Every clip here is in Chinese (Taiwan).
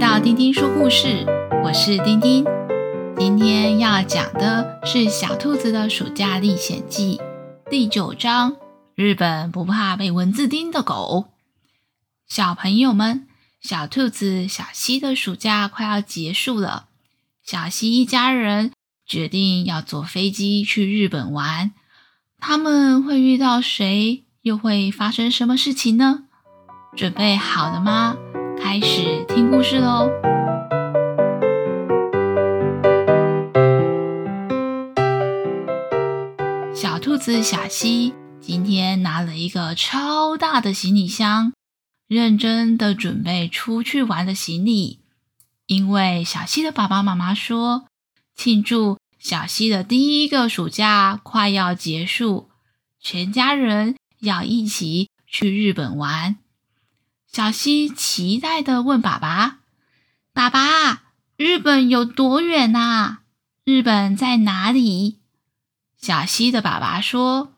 到丁丁說故事，我是丁丁。今天要講的是《小兔子的暑假歷險記》第九章：日本不怕被蚊子叮的狗。小朋友們，小兔子小希的暑假快要結束了，小希一家人決定要坐飛機去日本玩。他們會遇到誰？又會發生什麼事情呢？準備好了嗎？開始聽故事嘍！小兔子小希今天拿了一個超大的行李箱，認真的準備出去玩的行李。因為小希的爸爸媽媽說，慶祝小希的第一個暑假快要結束，全家人要一起去日本玩。小希期待地問爸爸：“爸爸，日本有多遠吶、啊？日本在哪裡？”小希的爸爸說：“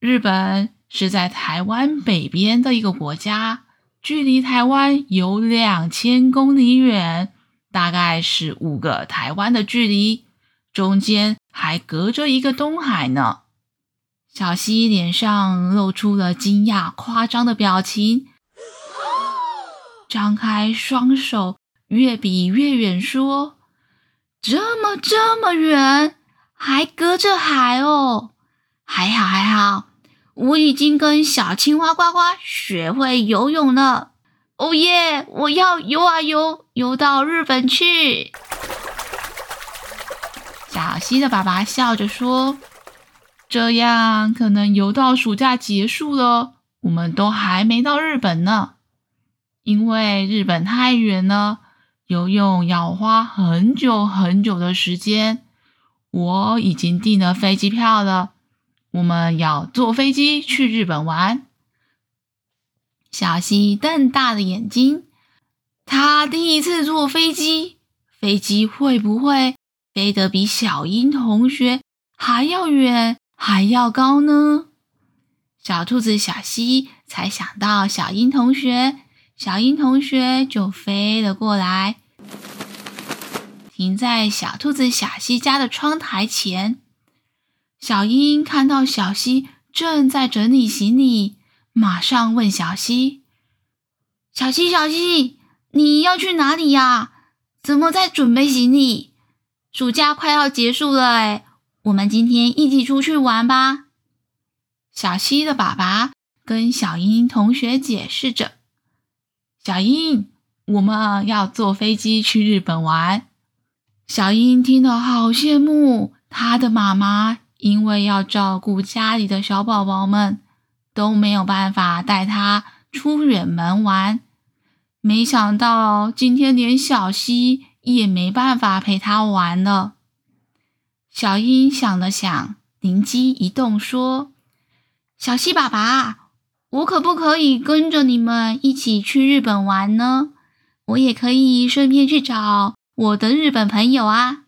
日本是在台灣北邊的一個國家，距離台灣有兩千公里遠，大概是五個台灣的距離，中間還隔着一個東海呢。”小希臉上露出了驚訝、誇張的表情。張開雙手，越比越遠，說：“這麼這麼遠，還隔着海哦！還好還好，我已經跟小青蛙呱呱學會游泳了。哦耶！我要游啊游，游到日本去。”小希的爸爸笑着說：“這樣可能游到暑假結束了，我們都還沒到日本呢。”因為日本太遠了，游泳要花很久很久的時間。我已經訂了飛機票了，我們要坐飛機去日本玩。小希瞪大了眼睛，他第一次坐飛機，飛機會不會飛得比小鷹同學還要遠、還要高呢？小兔子小希才想到小鷹同學。小鷹同學就飛了過來，停在小兔子小希家的窗台前。小鷹看到小希正在整理行李，馬上問小希：“小希小希，你要去哪裡呀？怎麼在準備行李？暑假快要結束了哎，我們今天一起出去玩吧。”小希的爸爸跟小鷹同學解釋着。小鷹，我們要坐飛機去日本玩。小鷹聽了，好羨慕。她的媽媽因為要照顧家裡的小寶寶們，都沒有辦法帶她出遠門玩。沒想到今天連小希也沒辦法陪她玩了。小鷹想了想，靈機一動，說：“小希爸爸。”我可不可以跟着你們一起去日本玩呢？我也可以順便去找我的日本朋友啊。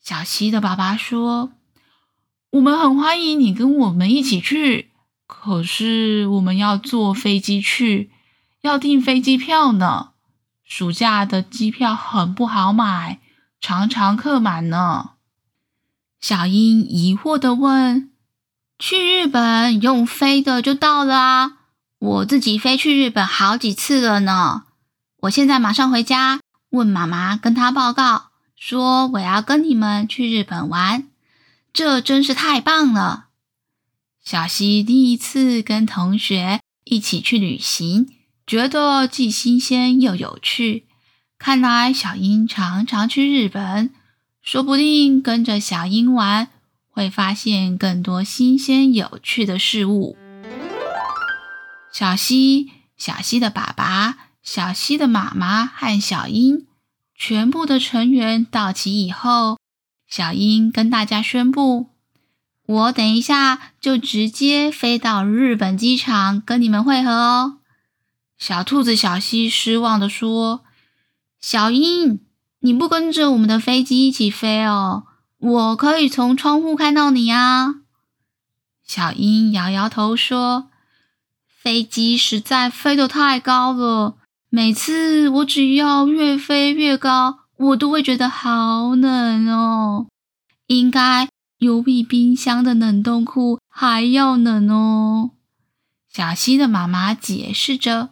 小希的爸爸說：“我們很歡迎你跟我們一起去，可是我們要坐飛機去，要訂飛機票呢。暑假的機票很不好買，常常客滿呢。”小鷹疑惑地問。去日本用飛的就到了啊！我自己飛去日本好幾次了呢。我現在馬上回家問媽媽，跟她報告說我要跟你們去日本玩，這真是太棒了。小希第一次跟同學一起去旅行，覺得既新鮮又有趣。看來小鷹常常去日本，說不定跟着小鷹玩，會發現更多新鮮有趣的事物。小希，小希的爸爸，小希的媽媽和小鷹，全部的成員到齊以後，小鷹跟大家宣布：“我等一下就直接飛到日本機場跟你們會合哦。”小兔子小希失望地說：“小鷹，你不跟着我們的飛機一起飛哦？”我可以從窗戶看到你啊，小鷹搖搖頭說：“飛機實在飛得太高了，每次我只要越飛越高，我都會覺得好冷哦，應該有比冰箱的冷凍庫還要冷哦。”小希的媽媽解釋着：“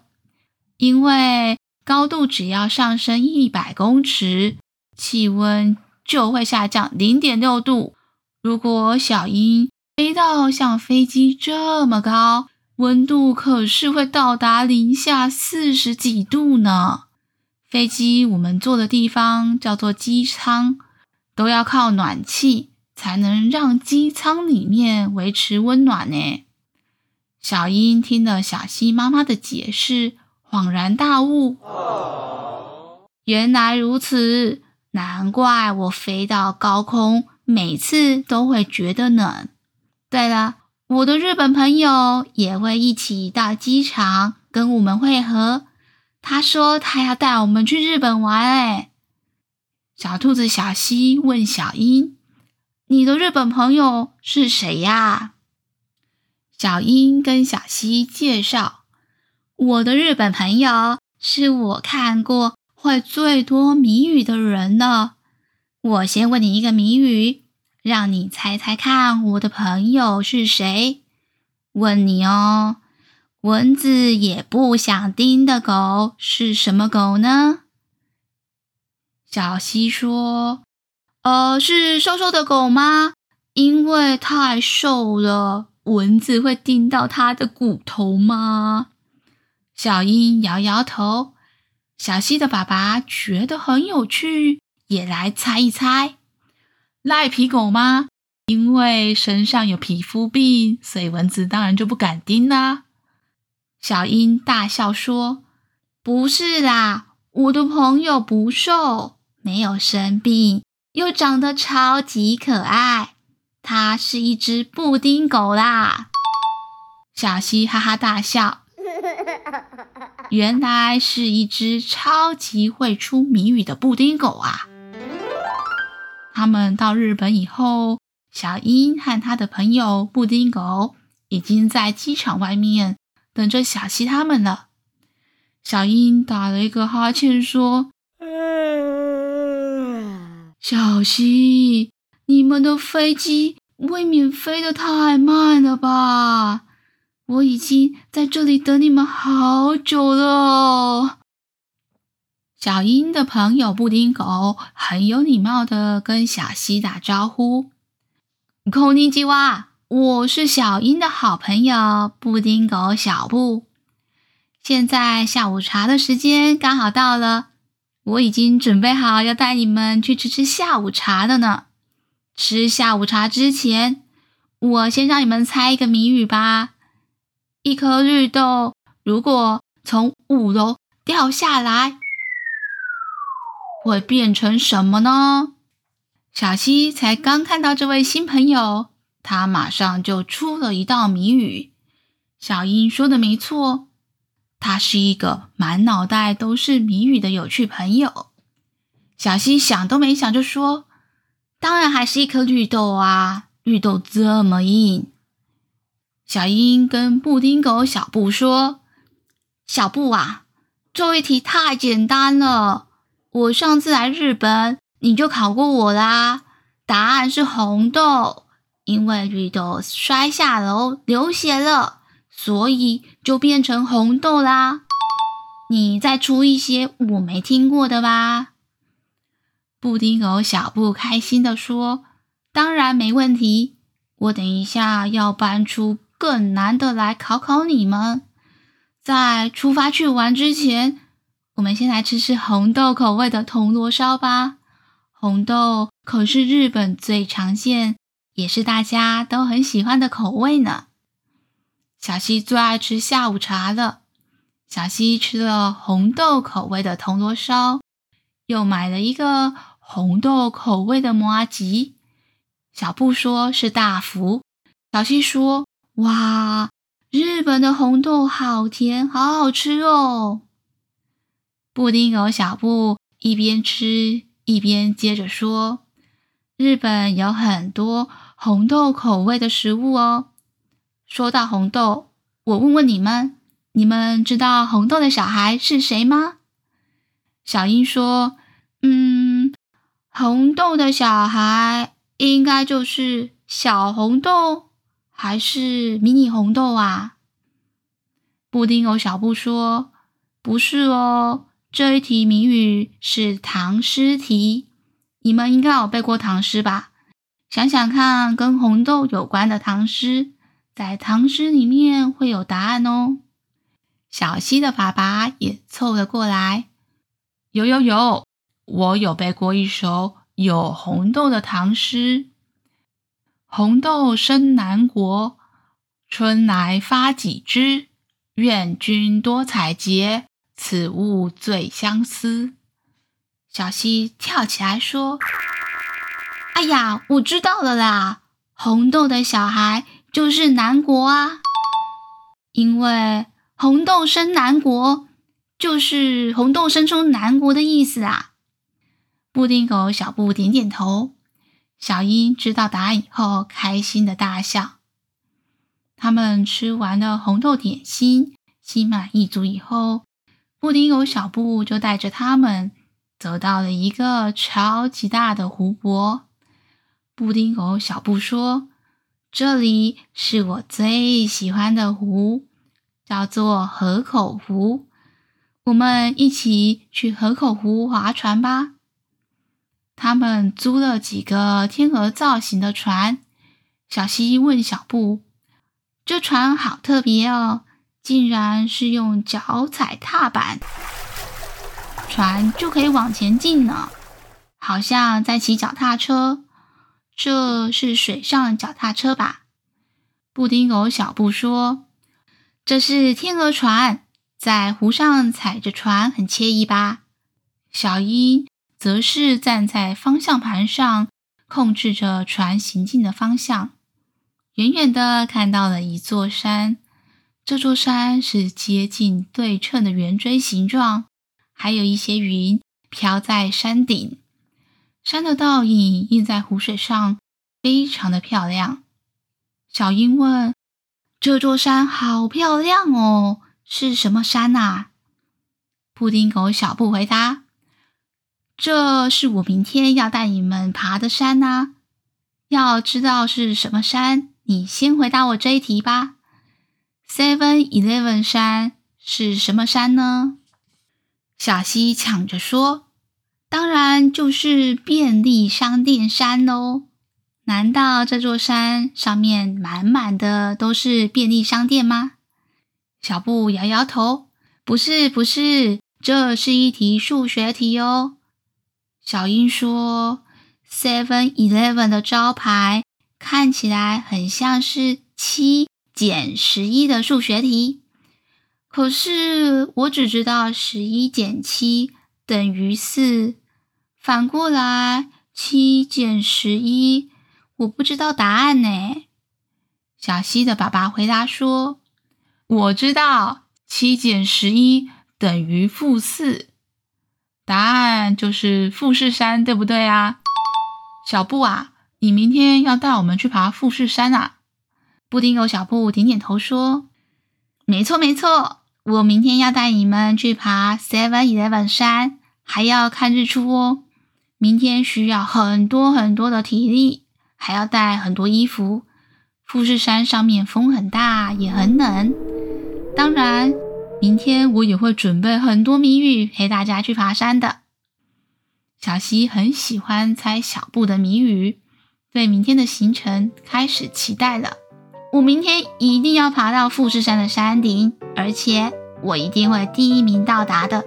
因為高度只要上升一百公尺，氣溫，”就會下降零點六度。如果小鷹飛到像飛機這麼高，溫度可是會到達零下四十幾度呢。飛機我們坐的地方叫做機艙，都要靠暖氣才能讓機艙裡面維持溫暖呢。小鷹聽了小希媽媽的解釋，恍然大悟，oh. 原來如此。難怪我飛到高空，每次都會覺得冷。對了，我的日本朋友也會一起到機場跟我們會合。他說他要帶我們去日本玩，欸。哎，小兔子小希問小鷹：“你的日本朋友是誰呀，啊？”小鷹跟小希介紹：“我的日本朋友是我看過”會最多謎語的人呢。我先問你一個謎語，讓你猜猜看，我的朋友是誰？問你哦，蚊子也不想叮的狗是什麼狗呢？小希說：“呃，是瘦瘦的狗嗎？因為太瘦了，蚊子會叮到它的骨頭嗎？”小鷹搖搖頭。小希的爸爸覺得很有趣，也來猜一猜：癩皮狗嗎？因為身上有皮膚病，所以蚊子當然就不敢叮啦、啊。小鷹大笑說：“不是啦，我的朋友不瘦，沒有生病，又長得超級可愛，它是一隻布丁狗啦。”小希哈哈大笑。 原來是一只超級會出謎語的布丁狗啊！他們到日本以後，小鷹和他的朋友布丁狗已經在機場外面等着小希他們了。小鷹打了一個哈欠說：“嗯，小希，你們的飛機未免飛得太慢了吧？”我已經在這裡等你們好久了。小鷹的朋友布丁狗很有禮貌的跟小希打招呼：“扣尼基哇，我是小鷹的好朋友布丁狗小布。現在下午茶的時間剛好到了，我已經準備好要帶你們去吃吃下午茶了呢。吃下午茶之前，我先讓你們猜一個謎語吧。”一顆綠豆，如果從五樓掉下來，會變成什麼呢？小希才剛看到這位新朋友，他馬上就出了一道謎語。小鷹說的沒錯，他是一個滿腦袋都是謎語的有趣朋友。小希想都沒想就說：“當然還是一顆綠豆啊！綠豆這麼硬。”小鷹跟布丁狗小布說：“小布啊，這一題太簡單了。我上次來日本，你就考過我啦。答案是紅豆，因為綠豆摔下樓流血了，所以就變成紅豆啦。你再出一些我沒聽過的吧。”布丁狗小布開心地說：“當然沒問題，我等一下要搬出。”更難得來考考你們，在出發去玩之前，我們先來吃吃紅豆口味的銅鑼燒吧。紅豆可是日本最常見，也是大家都很喜歡的口味呢。小希最愛吃下午茶了。小希吃了紅豆口味的銅鑼燒，又買了一個紅豆口味的麻糬。小布說是大福，小希說。哇，日本的紅豆好甜，好好吃哦！布丁和小布一邊吃一邊接着說：“日本有很多紅豆口味的食物哦。說到紅豆，我問問你們，你們知道紅豆的小孩是誰嗎？”小鷹說：“嗯，紅豆的小孩應該就是小紅豆。”還是迷你紅豆啊？布丁哦，小布說，不是哦，這一題謎語是唐詩題，你們應該有背過唐詩吧？想想看，跟紅豆有關的唐詩，在唐詩裡面會有答案哦。小希的爸爸也湊了過來，有有有，我有背過一首有紅豆的唐詩。紅豆生南國，春來發幾枝。願君多採擷，此物最相思。小希跳起來說：“哎呀，我知道了啦！紅豆的小孩就是南國啊，因為紅豆生南國，就是紅豆生出南國的意思啊。”布丁狗小布點點頭。小鷹知道答案以後，開心的大笑。他們吃完了紅豆點心，心滿意足以後，布丁狗小布就帶着他們走到了一個超級大的湖泊。布丁狗小布說：“這裡是我最喜歡的湖，叫做河口湖。我們一起去河口湖划船吧。”他們租了幾個天鵝造型的船。小希問小布：“這船好特別哦，竟然是用腳踩踏板，船就可以往前進呢，好像在騎腳踏車。這是水上腳踏車吧？”布丁狗小布說：“這是天鵝船，在湖上踩着船很愜意吧？”小鷹。則是站在方向盤上，控制着船行進的方向。遠遠的看到了一座山，這座山是接近對稱的圓錐形狀，還有一些雲飄在山頂。山的倒影映在湖水上，非常的漂亮。小鷹問：“這座山好漂亮哦，是什麼山啊？”布丁狗小布回答。這是我明天要帶你們爬的山吶、啊！要知道是什麼山，你先回答我這一題吧。Seven Eleven 山是什麼山呢？小希搶着說：“當然就是便利商店山嘍、哦！難道這座山上面滿滿的都是便利商店嗎？”小布搖搖頭：“不是，不是，這是一題數學題哦。”小鷹說：“Seven Eleven 的招牌看起來很像是七減十一的數學題，可是我只知道十一減七等於四，反過來七減十一，-11, 我不知道答案呢。”小希的爸爸回答說：“我知道七減十一等於負四。”答案就是富士山，對不對啊，小布啊？你明天要帶我們去爬富士山啊？布丁狗小布點點頭說：“沒錯沒錯，我明天要帶你們去爬 Seven Eleven 山，還要看日出哦。明天需要很多很多的體力，還要帶很多衣服。富士山上面風很大，也很冷。當然。”明天我也會準備很多謎語陪大家去爬山的。小希很喜歡猜小布的謎語，對明天的行程開始期待了。我明天一定要爬到富士山的山頂，而且我一定會第一名到達的。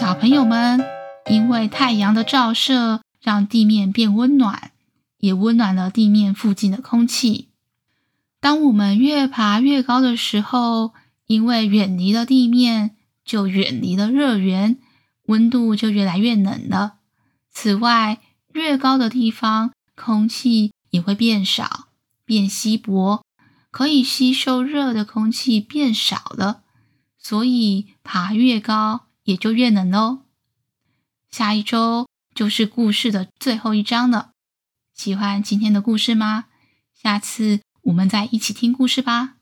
小朋友們，因為太陽的照射，讓地面變溫暖，也溫暖了地面附近的空氣。當我們越爬越高的時候，因為遠離了地面，就遠離了熱源，溫度就越來越冷了。此外，越高的地方，空氣也會變少、變稀薄，可以吸收熱的空氣變少了，所以爬越高也就越冷嘍。下一周。就是故事的最後一章了。喜歡今天的故事嗎？下次我們再一起聽故事吧。